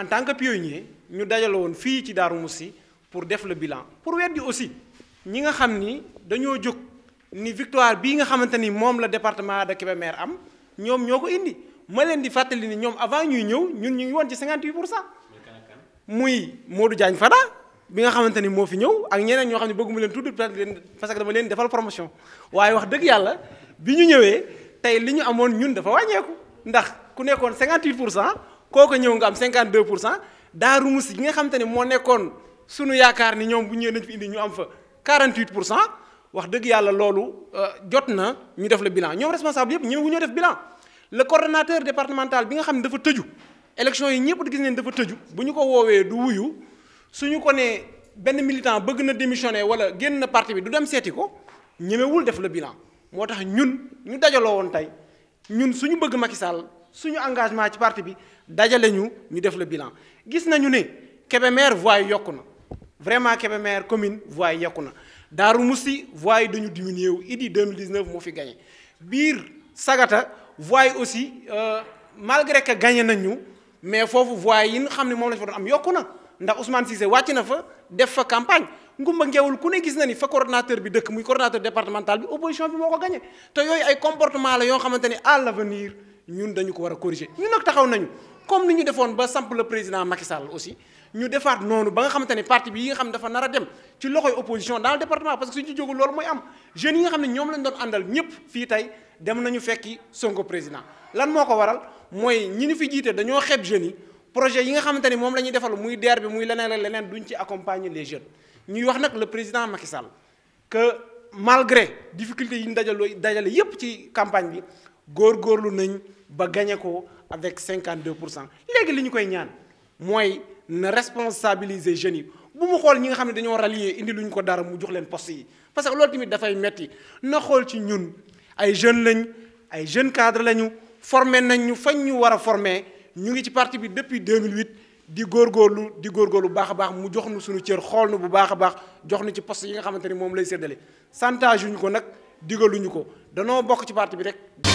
en tant que pionnier ñu dajale woon fii ci Darou Moussi pour def le bilan pour weddi aussi ñi nga xam ni dañoo jóg ni victoire bii nga xamante ni moom la département de Kébémer am ñoom ñoo ko indi ma leen di fàttali ni ñoom avant ñuy ñëw ñun ñu ngi woon ci 58 pour cent muy Modou Diagne Fada bi nga xamante ni moo fi ñëw ak ñeneen ñoo xam ne bëgguma leen tudd peut-être leen parce que dama leen defal promotion waaye wax dëgg yàlla bi ñu ñëwee tey li ñu amoon ñun dafa wàññeeku ndax ku nekkoon 58 pour cent kooku ñëw nga am 52 pour cent Daaru Musi gi nga xam ne moo nekkoon sunu yaakaar ni ñoom bu ñëwee nañ fi indi ñu am fa 48 pour cent wax dëgg yàlla loolu euh, jot na ñu def le bilan ñoom responsable yëpp ñoom wu ñoo def bilan le coordonnateur départemental bi nga xam ne dafa tëju élection yi ñëpp di gis neen dafa tëju bu ñu ko woowee du wuyu ñu ko nee benn militant bëgg na démissionner wala génn na parti bi du dem seeti ko ñemewul def le bilan moo tax ñun ñu dajaloo woon tey ñun suñu bëgg Macky Sall suñu engagement ci parti bi dajale ñu ñu def le bilan gis nañu ne Kébémer voix yi yokku na vraiment Kébémer commune voix yi na Daaru Musti voix yi dañu diminué wu Idy 2019 moo fi gagné biir Sagata voix aussi euh, malgré que gagné nañu mais foofu voix yi nga xam ne moom la ñu fa doon am yokk na ndax Ousmane Cissé wàcc na fa def fa campagne ngumba ngeewul ku ne gis na ni fa coordonnateur bi dëkk muy coordonnateur départemental bi opposition bi moo ko te yooyu ay comportement la yoo xamante ni à l'avenir ñun dañu ko war a corriger ñun nag taxaw nañu comme ni ñu defoon ba samp le président Macky aussi ñu defaat noonu ba nga xamante ne parti bi yi nga xam dafa nar a dem ci loxoy opposition dans le département parce que suñu ci jógul loolu mooy am jeunes yi nga xam ne ñoom lañ doon àndal ñëpp fii tey dem nañu fekki Sonko président lan moo ko waral mooy ñi ñu fi jiite dañoo xeeb jeunes yi projet yi nga xamante ni moom lañuy defal muy DER bi muy leneen ak duñ ci accompagner les jeunes ñuy wax nag le président Macky Sall que malgré difficulté yi ñu dajale dajale ci campagne bi góor góorlu nañ ba gañe ko avec 52 pour cent léegi li ñu koy ñaan mooy na responsabiliser jeunes yi bu mu xool ñi nga xam ne dañoo rallier indi lu ñu ko dara mu jox leen poste yi parce que loolu tamit dafay metti na xool ci ñun ay jeunes lañ ay jeunes cadres lañu formé nañ ñu fañ ñu war a formé ñu ngi ci parti bi depuis 2008 di góorgóorlu di góorgóorlu bu baax a baax mu jox nu suñu cër xool nu bu baax a baax jox nu ci poste yi nga xamante ni moom lay séddale santage yuñu ko nag digaluñu ko danoo bokk ci bi rek.